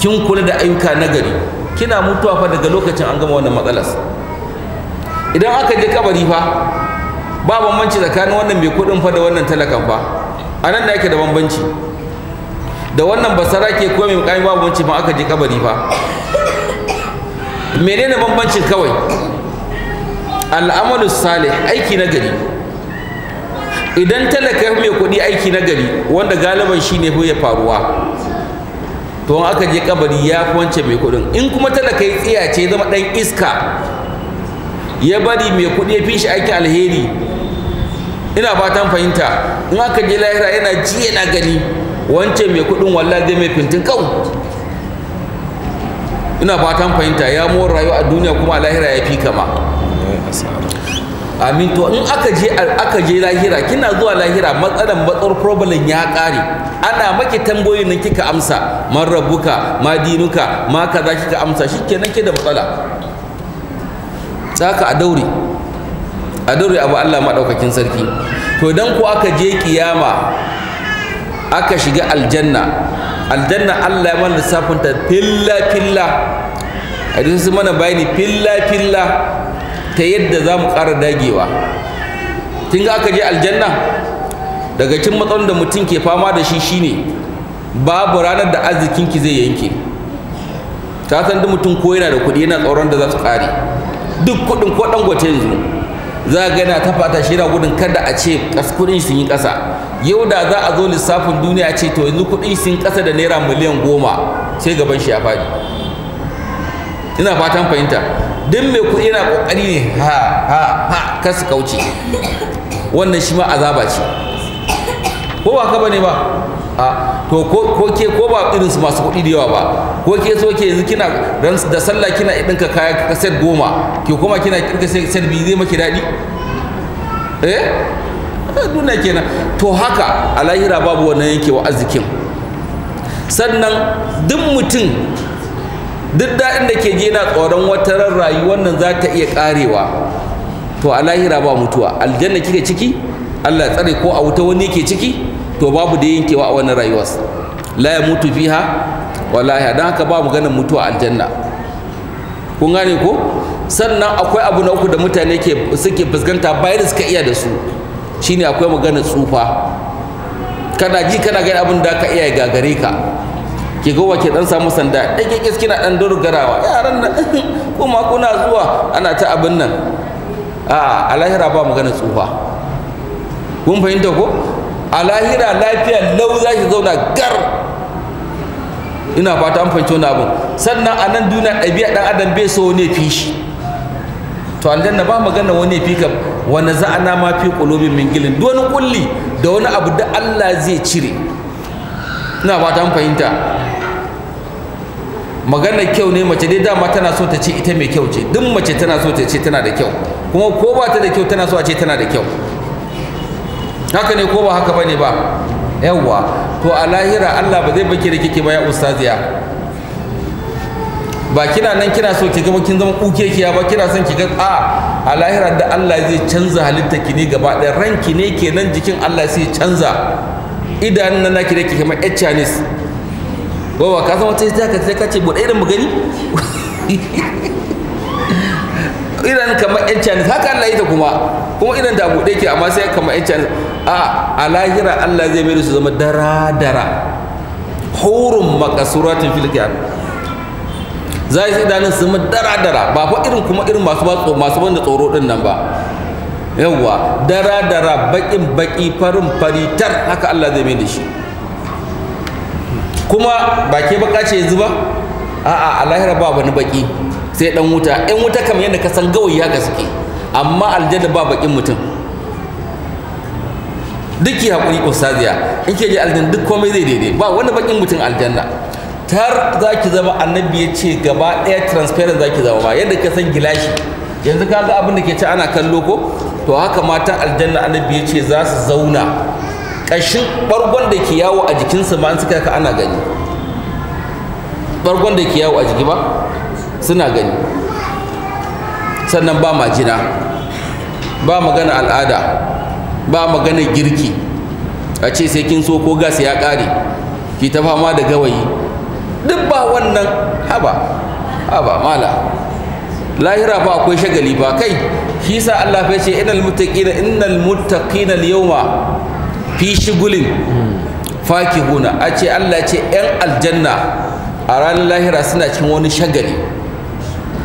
kin kula da ayyuka na gari kina mutuwa fa daga lokacin an gama wannan matsalas idan aka je kabari fa ba bambanci tsakanin wannan mai kuɗin fa da wannan talakan fa a nan da yake da bambanci da wannan basara ke kuma mai mukami babu bambanci ma aka je kabari fa menene bambancin kawai al'amalu salih aiki na gari idan talaka mai kuɗi aiki na gari wanda galiban shi ne ya faruwa to aka je kabari ya wance mai kuɗin in kuma talaka ya tsiya ce zama ɗan iska ya bari mai kuɗi ya fi shi aiki alheri ina fatan fahimta in aka je lahira yana ji yana gani wancan mai kuɗin wallahi zai mai fintin kau ina fatan fahimta ya mora rayuwa a duniya kuma a lahira ya fi kama amin to in aka je aka je lahira kina zuwa lahira matsalan matsar problem ya kare ana maki tambayoyin nan kika amsa man rabbuka ma dinuka ma kaza kika amsa shikenan ke da matsala tsaka a daure a daure abu Allah madaukakin sarki to dan ko aka je kiyama aka shiga aljanna aljanna Allah ya mana lissafin ta filla filla a mana bayani filla filla ta yadda za mu ƙara dagewa tun ga aka je aljanna daga cikin matsalar da mutum ke fama da shi shine babu ranar da arzikin ki zai yanke ta san duk mutum ko yana da kuɗi yana tsoron da za su ƙare duk kuɗin ko dangote yanzu za a gana ta fata shi yana gudun kada a ce kuɗin sun yi ƙasa yau da za a zo lissafin duniya ce to yanzu kuɗin sun ƙasa da naira miliyan goma sai gaban shi ya faɗi ina fatan fahimta don mai kuɗi yana ƙoƙari ne ha ha ha kasu su kauce wannan shi ma azaba ce ko ba ka bane ba a to ko ke ko ba irin su masu kuɗi da yawa ba ko ke so ke yanzu kina ran da sallah kina ɗinka kaya ka set goma ke kuma kina kirka set biyu zai maki daɗi eh duna kenan to haka a lahira babu wannan wa arzikin sannan duk mutum duk daɗin da ke je na tsoron wata ran rayuwar nan za ta iya ƙarewa to a lahira ba mutuwa aljanna kika ciki Allah tsare ko a wuta wani ke ciki to babu da yankewa a wannan rayuwar la ya mutu fiha wallahi dan haka ba maganar mutuwa aljanna kun gane ko sannan akwai abu na uku da mutane ke suke fuskanta bayan da suka iya da su shine akwai maganar tsufa kana ji kana gani abin da ka iya gagare ka ki ga wake dan samu sanda dai kike kina dan garawa. yaran nan kuma kuna zuwa ana ta abin nan a alahira ba magana tsufa kun fahimta ko alahira lafiya lau za ki zauna gar ina fata an fahimci wani abin sannan a nan duniya ɗabi'a ɗan adam bai so ne fi shi to aljanna ba magana wani fi ka wani za'ana ma fi ƙulubin min gilin duk wani kulli da wani abu da Allah zai cire ina fata an fahimta maganar kyau ne mace dai dama tana so ta ce ita mai kyau ce duk mace tana so ta ce tana da kyau kuma ko ba ta da kyau tana so a ce tana da kyau haka ne ko ba haka bane ba yawwa to a lahira Allah ba zai baki da kike ba ya ustaziya ba kina nan kina so ki gama kin zama kiya ba kina son ki ga a a lahira da Allah zai canza halitta ki ne gaba ɗaya ranki ne kenan jikin Allah sai canza idanun nan naki da ki kamar Chinese Baba ka san wata ta ka sai ka ce buɗe irin mu gani Idan kamar yan canis haka Allah ya ta kuma kuma irin ta buɗe ke amma sai kamar yan canis a a lahira Allah zai mai su zama dara dara Hurum makasuratin fil qiyam za su idanun su zama dara dara ba fa irin kuma irin masu masu banda tsoro din nan ba yawwa dara dara baƙin baƙi farin faritar haka Allah zai mai da shi kuma ba ke baka ce yanzu ba a'a a ba wani baki sai dan wuta ɗan wuta kamar yadda ka san gawayi ya gaske amma aljanna ba bakin mutum duk ya hakuri ustaziya in ke je aljanna duk komai zai daidai ba wani bakin mutum aljanna tar za ki zama annabi ya ce gaba ɗaya transparent za ki zama ba yadda ka san gilashi yanzu ka ga abin da ke ci ana kallo ko to haka matan aljanna annabi ya ce za su zauna ƙashin ɓargon da ke yawo a jikinsu ma suka ka ana gani ɓargon da ke yawo a jiki ba suna gani sannan ba majina ba magana al'ada ba magana girki a ce sai kin so ko gas ya ƙare ki ta fama da gawayi duk ba wannan haba haba mala lahira ba akwai shagali ba kai shi sa Allah ya ce innal muttaqina innal muttaqina al-yawma fi shigulin fakihuna a ce Allah ce ‘yan aljanna a ranar lahira suna cikin wani shagali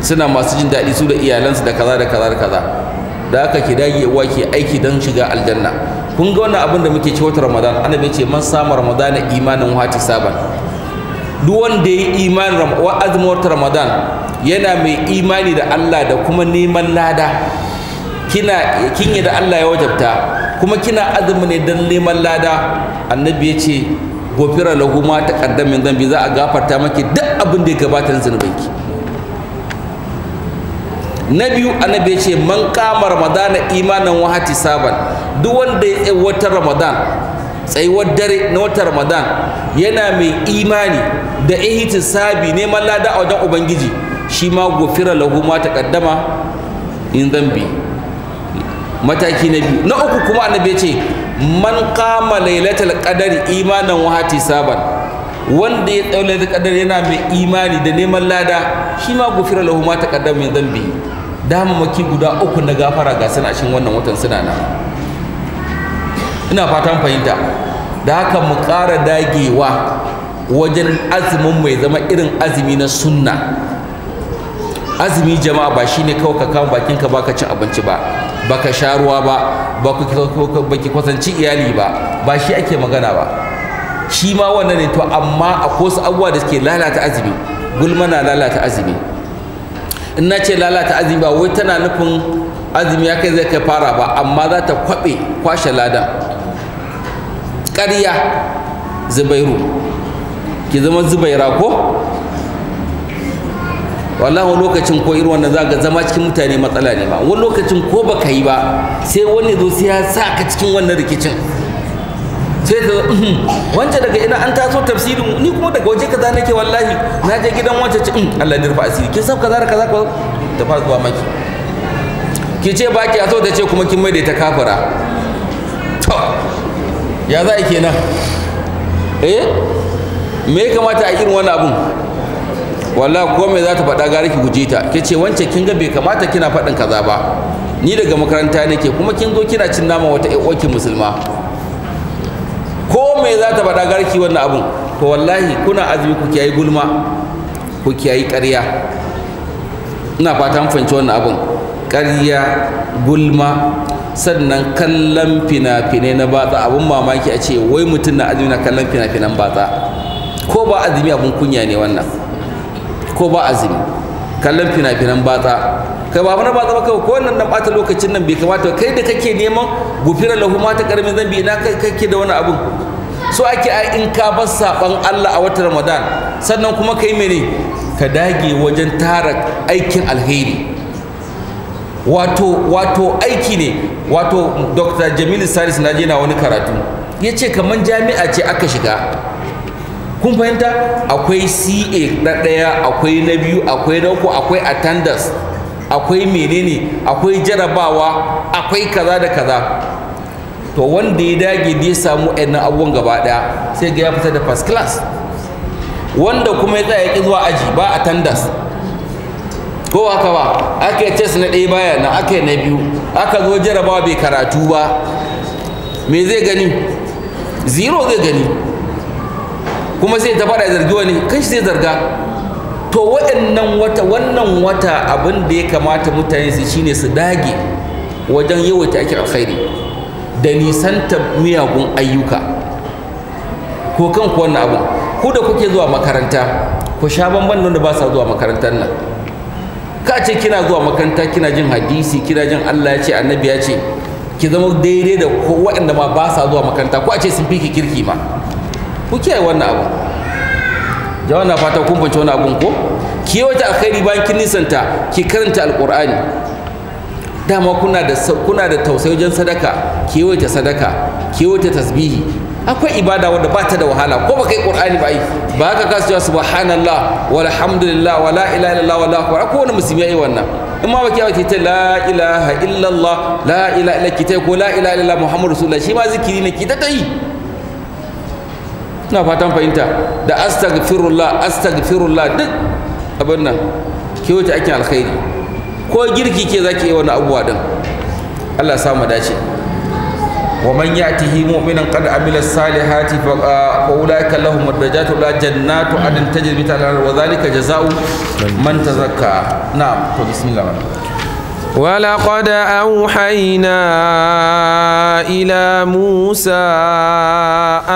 suna masu jin daɗi su da iyalansu da kaza da kaza da kaza da haka ke wa ke aiki don shiga aljanna kun ga wannan abin da muke ci wata ramadan annabi ce man samu ramadan imanin wata saban duk wanda ya yi wa azumar ramadan yana mai imani da Allah da kuma neman lada kina yi da Allah ya wajabta kuma kina azumi ne don neman lada annabi ya ce gofira lahu ma ta zambi za a gafarta maki duk abin da ya gabata na zunubanki na biyu annabi ya ce man kama ramadana imanin wahati saban duk wanda ya tsaye wata ramadan tsayuwar dare na wata ramadan yana mai imani da sabi neman lada a wajen ubangiji shi ma gofira lahu ma ta kaddama in zambi mataki na biyu na uku kuma annabi ya ce man kama lailatul qadari imanan wa hatisaban wanda ya tsaye da qadari yana mai imani da neman lada shi ma gufira lahu ma taqaddam min dhanbi maki guda uku na gafara ga suna cikin wannan watan suna nan ina fatan fahimta da haka mu ƙara dagewa wajen azumin mai zama irin azumi na sunna azumi jama'a ba shine kawai ka kama bakinka baka cin abinci ba baka sha ruwa ba baki kwasanci iyali ba ba shi ake magana ba shi ma wannan ne to amma akwai su abubuwa da suke lalata azumi gulma na lalata azumi in na ce lalata azumi ba wai tana nufin azumi ya kai zai kai fara ba amma za ta kwaɓe kwashe lada ƙarya zubairu ki zama zubaira ko wallahi lokacin ko irin wannan zaka zama cikin mutane matsala ne ba. wani lokacin ko baka yi ba sai wani zo sai ya sa ka cikin wannan rikicin sai ta uhm, wance daga ina an taso tafsirin ni kuma daga waje kaza nake wallahi na je gidan wance ci uhm, Allah ya rufa asiri kin san kaza da kaza ta fara zuwa maki ki ce baki a so ta ce kuma kin maida ta kafara to ya za a kenan eh me ya kamata a irin wani abun wallahi ko me za ta faɗa gare ki guje ta ke ce wance kin ga bai kamata kina faɗin kaza ba ni daga makaranta nake kuma kin zo kina cin nama wata ƴan musulma ko me za ta faɗa gare ki wannan abun to wallahi kuna azumi ku kiyayi gulma ku kiyayi ƙarya ina fata fahimci wannan abun ƙarya gulma sannan kallon fina-finai na batsa abun mamaki a ce wai mutum na azumi na kallon fina-finan batsa ko ba azumi abun kunya ne wannan ko ba azumi kallon fina-finan batsa kai ba na batsa ba kai ko wannan dan bata lokacin nan bai kamata kai da kake neman gufira lahu mata karamin zambi ina kake da wani abu so ake ai in ka bar saban Allah a watan Ramadan sannan kuma kai mene ka dage wajen tara aikin alheri wato wato aiki ne wato Dr. Jamilu Salisu na je na wani karatu yace kaman jami'a ce aka shiga kun fahimta akwai ca na ɗaya akwai na biyu akwai na uku akwai attendance akwai menene akwai jarabawa akwai kaza da kaza to wanda ya dage da ya samu ɗan abubuwan gaba ɗaya sai ga ya fita da first class wanda kuma ya tsaya ki zuwa aji ba attendance ko haka ba aka yi test na ɗaya baya na aka yi na biyu aka zo jarabawa bai karatu ba me zai gani zero zai gani kuma zai ta faɗa zargi wani kan shi zai zarga to waɗannan wata wannan wata abin da ya kamata mutane su shine su dage wajen yawaita ake alkhairi da nisanta miyagun ayyuka ko kan ku wannan abu ku da kuke zuwa makaranta ku sha bamban da ba sa zuwa makarantar nan ka ce kina zuwa makaranta kina jin hadisi kina jin Allah ya ce annabi ya ce ki zama daidai da waɗanda ma ba sa zuwa makaranta ko a ce sun fi ki kirki ma ku kiyaye wannan abu Jawa na fata kun fahimci wannan abun ko ki wata alkhairi bayan kin nisanta ki karanta alqur'ani dama kuna da kuna da tausayi wajen sadaka ki wata sadaka ki wata tasbihi akwai ibada wanda ba ta da wahala ko ba kai qur'ani ba yi ba haka ka cewa subhanallah walhamdulillah wala ilaha illallah wala akbar ko wani musulmi yayi wannan in ma baki ki ta la ilaha illallah la ilaha ki ta ko la ilaha illallah muhammadu rasulullah shi ma zikiri ne ki ta yi na fatan fahimta da astagfirullah astagfirullah duk abin nan ke wuce aikin alkhairi ko girki ke zaki yi wani abubuwa din Allah ya samu dace wa man ya'tihi mu'minan qad amila salihati fa ah, ulaika lahum darajatu la jannatu adn tajri min tahtiha wa zalika jazaa'u man tazakka na'am to bismillah ولقد أوحينا إلى موسى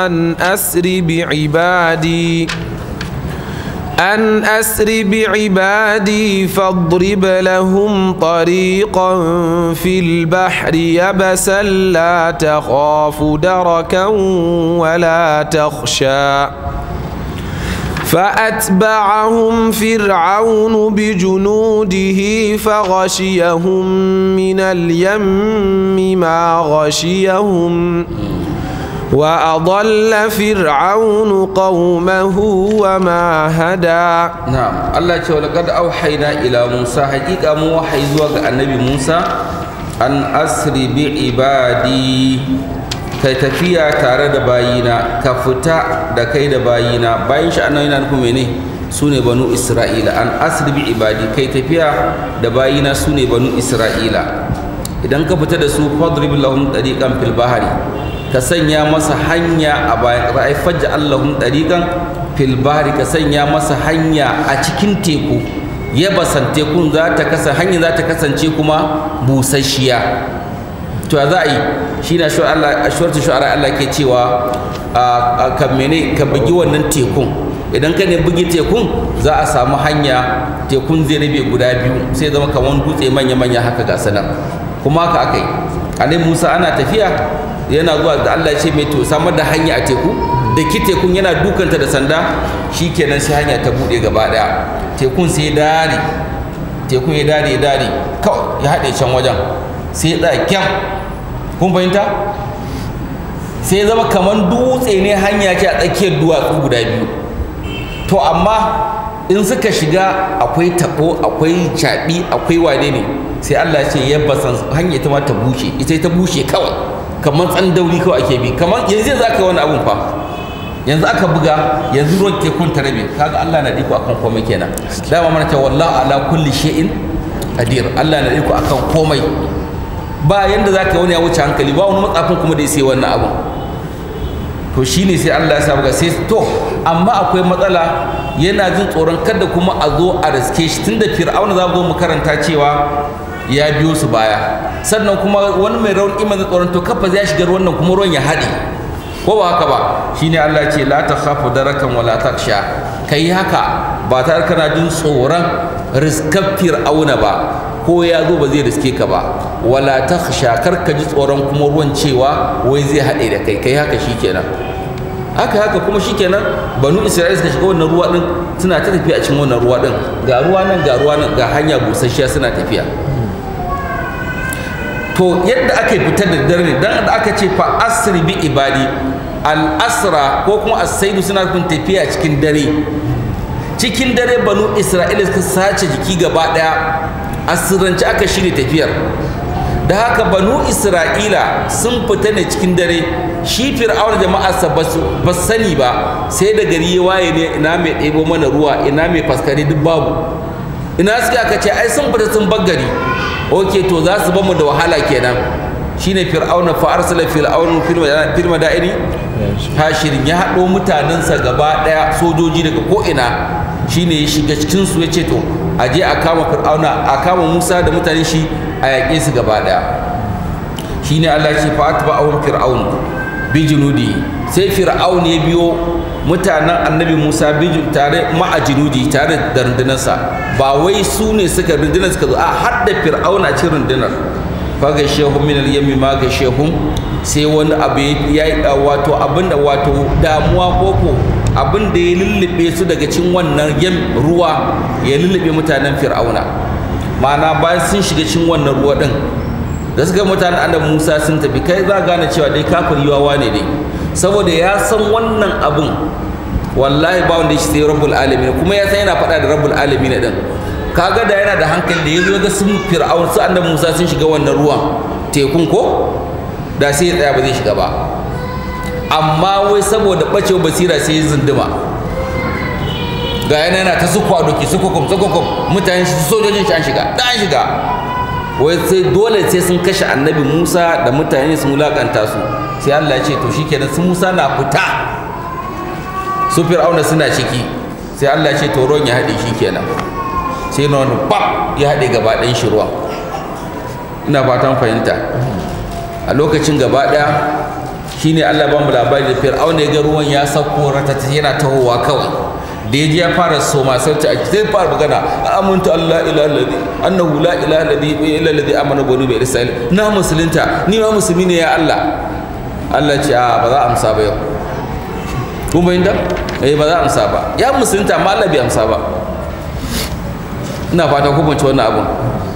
أن أسر بعبادي أن أسر بعبادي فاضرب لهم طريقا في البحر يبسا لا تخاف دركا ولا تخشى فأتبعهم فرعون بجنوده فغشيهم من اليم ما غشيهم وأضل فرعون قومه وما هدى نعم الله تعالى قد أوحينا إلى موسى حقيقة موحي زوج النبي موسى أن أسر بعبادي kai tafiya tare da bayina ka fita da kai da bayina bayan shi annabi yana nufin mene su ne banu isra'ila an asir bi ibadi kai tafiya da bayina su ne banu isra'ila idan ka fita da su fadrib lahum tariqan fil bahari ka sanya masa hanya a bayan ƙasa ai fajja allahum tariqan fil bahari ka sanya masa hanya a cikin teku yabasan tekun za ta hanya za ta kasance kuma busasshiya to a za a yi shi na shuwarta shu'ara Allah ke cewa ka mene ka bugi wannan tekun idan ka ne bugi tekun za a samu hanya tekun zai rabe guda biyu sai zama kamar dutse manya-manya haka ga sanar kuma haka aka yi annabi Musa ana tafiya yana zuwa da Allah ce mai to samar da hanya a teku da ki tekun yana dukanta da sanda shi kenan sai hanya ta bude gaba daya tekun sai dare tekun ya dare ya dare kawai ya haɗe can wajen sai ya tsaya kun fahimta sai zama kamar dutse ne hanya ce a tsakiyar duwatsu guda biyu to amma in suka shiga akwai tabo akwai caɓi akwai wane ne sai Allah ce ya basan hanya ita ma ta bushe ita ta bushe kawai kamar dauri kawai ake bi kamar yanzu za ka wani abun fa yanzu aka buga yanzu ruwan tekun ta rabe kaga Allah na diko akan komai kenan dama mana ta wallahi ala kulli shay'in qadir Allah na diko akan komai ba yanda za ka yi wani ya wuce hankali ba wani matsafin kuma da ya sai wannan abin to shi ne sai Allah ya sa buga sai to amma akwai matsala yana jin tsoron kada kuma a zo a riske shi tun da fir'auna za mu zo mu karanta cewa ya biyo su baya sannan kuma wani mai rauni da tsoron to kafa zai shigar wannan kuma ruwan ya haɗe ko ba haka ba Shi ne Allah ce la khafu darakan wala ka kai haka ba tare kana jin tsoron riskar fir'auna ba ko ya zo ba zai riske ka ba wala ta shakar ka ji tsoron kuma ruwan cewa wai zai haɗe da kai kai haka shikenan haka haka kuma shikenan banu isra'ila suka shiga wannan ruwa din suna ta tafiya a cikin wannan ruwa din ga ruwa nan ga ruwa nan ga hanya busasshiya suna tafiya to yadda aka fitar da dare dan da aka ce fa asri bi ibadi al asra ko kuma as-saidu suna kun tafiya cikin dare cikin dare banu isra'ila suka sace jiki gaba daya a aka shirya tafiyar da haka banu isra'ila sun fita ne cikin dare shi fir'auna jama'arsa ba sani ba sai da gari ya waye ne ina mai ɗebo mana ruwa ina mai faskare duk babu ina suke aka ce ai sun fita sun gari ok to za su bamu da wahala kenan shine fir'auna fa arsala fir'aunu fil madaini hashirin ya haɗo mutanensa gaba ɗaya sojoji daga ko ina shine ya shiga cikin su ya ce to a je a kama fir'auna a kama musa da mutane shi a yaƙe su gaba ɗaya shi ne allah ce fa'at ba awon fir'aun bi junudi sai fir'aun ya biyo mutanen annabi musa bijin tare ma'a junudi tare da rundunarsa ba wai su ne suka rundunar suka zo a har da fir'auna cikin rundunar faga shehun min yami ma ga shehun sai wani abu ya yi wato abinda wato damuwa koko abin da ya lullube su daga cikin wannan yan ruwa ya lullube mutanen fir'auna ma'ana bayan sun shiga cikin wannan ruwa din da suka mutanen adam Musa sun tafi kai za gane cewa dai kafin yawa ne dai saboda ya san wannan abin wallahi ba wanda ya sai rabbul alamin kuma ya san yana faɗa da rabbul na din kaga da yana da hankali da ya zo ga sun fir'aun su annabi Musa sun shiga wannan ruwan tekun ko da sai ya tsaya ba zai shiga ba amma wai saboda bacewa basira sai ya zunduma ga yana yana ta suku doki suku kum suku kum mutane sojojin shi an shiga da an shiga wai sai dole sai sun kashe annabi musa da mutane sun wulakanta su sai allah ya ce to shikenan su musa na fita su fir'auna suna ciki sai allah ya ce to ruwan ya haɗe shikenan sai na wani bab ya haɗe gaba ɗan shi ruwan ina fatan fahimta a lokacin gaba ɗaya shine Allah ba mu labari da fir'auna ya ga ruwan ya sauko ratata yana tahowa kawai da ya ji ya fara soma sai a zai fara magana amuntu Allah ila alladhi annahu la ilaha alladhi illa alladhi amana bani bi israil na musulunta ni ma musulmi ne ya Allah Allah ce a ah, ba za a amsa ba yau kuma bayin da eh ba za a amsa ba ya musulunta ma Allah bai amsa ba ina fata ku wannan abun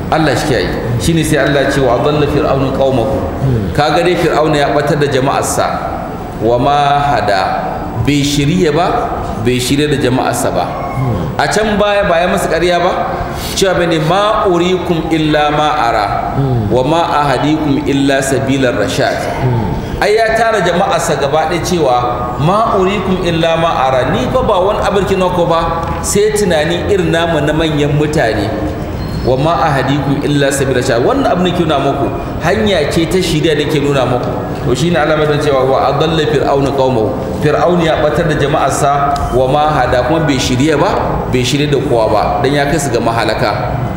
Allah shi yi. shine sai Allah ce wa adalla fir'aunu qaumahu kaga dai fir'auna ya batar da jama'arsa wa ma hada bai shirye ba bai shirye da jama'arsa ba a can baya ba ya masa ƙarya ba cewa bane ma urikum illa ma ara wa ma ahadikum illa sabilar rashad ai ya tara jama'arsa gaba ɗaya cewa ma urikum illa ma ara ni fa ba wani abirki ko ba sai tunani irin namu na manyan mutane wa ma hadiku illa sabila sha wannan abin ke nuna muku hanya ce ta shirya da ke nuna muku to ne alamar mai cewa wa adalla fir'auna qaumahu fir'auna ya batar da jama'arsa wa ma hada kuma bai shirya ba bai shirya da kowa ba dan ya kai su ga mahalaka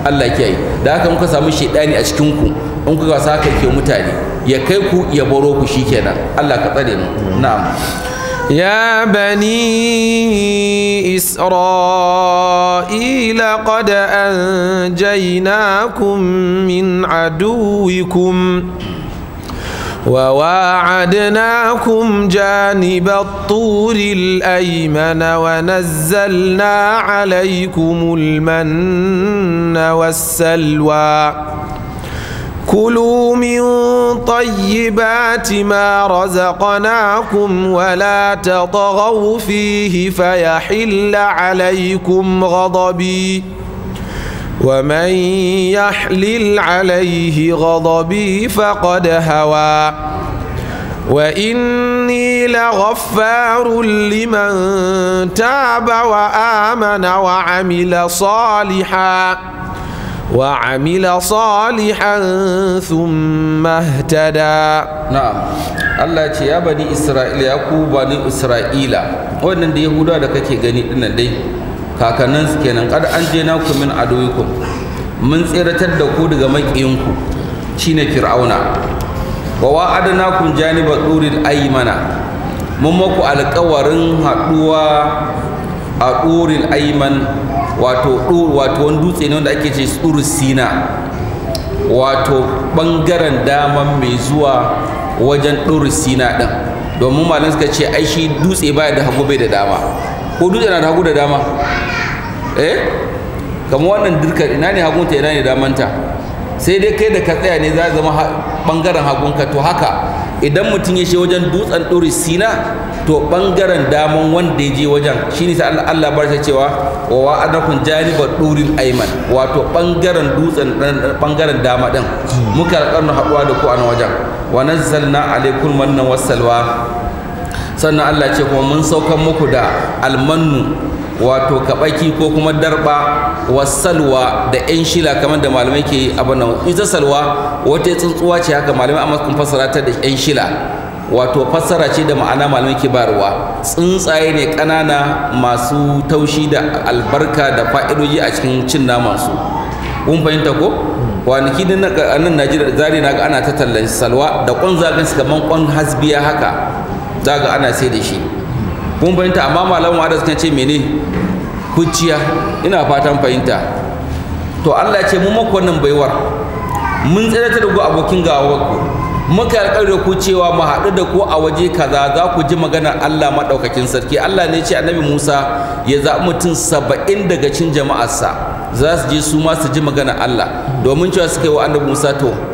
Allah kiyaye da haka muka samu shedani a cikin ku in kuka saka ke mutane ya kai ku ya baro ku shikenan Allah ka tsare mu na'am يا بني إسرائيل قد أنجيناكم من عدوكم وواعدناكم جانب الطور الأيمن ونزلنا عليكم المن والسلوى كلوا من طيبات ما رزقناكم ولا تطغوا فيه فيحل عليكم غضبي ومن يحلل عليه غضبي فقد هوى واني لغفار لمن تاب وامن وعمل صالحا وعمل صالحا ثم اهتدى نعم Allah ce ya bani Isra'ila ya بني bani Isra'ila wannan da Yahuda da kake gani dinnan dai kakannin su kenan kada an je na ku min adoyukum mun tsiratar da ku daga ku shine Fir'auna wa wa'adnakum janiba turil aymana mun maku alƙawarin haɗuwa a turil ayman wato wato wani dutse ne wanda ake ce tsuru sina wato bangaren daman mai zuwa wajen ɗuru sina ɗin domin malam suka ce ai shi dutse baya da hagu bai da dama ko dutse na da hagu da dama eh kamar wannan dirkar ina ne hagunta ina ne damanta sai dai kai da ka tsaya ne za zama bangaren hagunka to haka idan mutum ya shi wajen dutsen ɗuri sina to ɓangaren damon wanda ya je wajen shi ne Allah Allah bar cewa wa wa adakun janiba ɗurin aiman wato ɓangaren dutsen ɓangaren dama ɗin muka alƙarnu haɗuwa da ku a wajen wa nazzalna alaikum mannan wasalwa sannan Allah ce kuma mun saukan muku da almannu wato kabaki ko kuma darba wasalwa da yan shila kamar da malamai ke abin nan ita salwa wata tsuntsuwa ce haka malamai amma kun fassara ta da yan shila wato fassara ce da ma'ana malamai ke bayarwa tsuntsaye ne kanana masu taushi da albarka da fa'idoji a cikin cin naman su kun fahimta ko kwanaki da nan najeriya zari na ga ana ta tallan salwa da kwan zagan su kaman kwan hasbiya haka zaga ana sai da shi kun fahimta amma malaman wada suka ce mene kuciya ina fatan fahimta to Allah ce mun maku wannan baiwar mun tsere da ku abokin gawarku muka alƙawari da ku cewa mu haɗu da ku a waje kaza za ku ji maganar Allah maɗaukakin sarki Allah ne ce annabi Musa ya zaɓi mutum saba'in daga cin jama'arsa za su je su ma su ji maganar Allah domin cewa suka yi wa annabi Musa to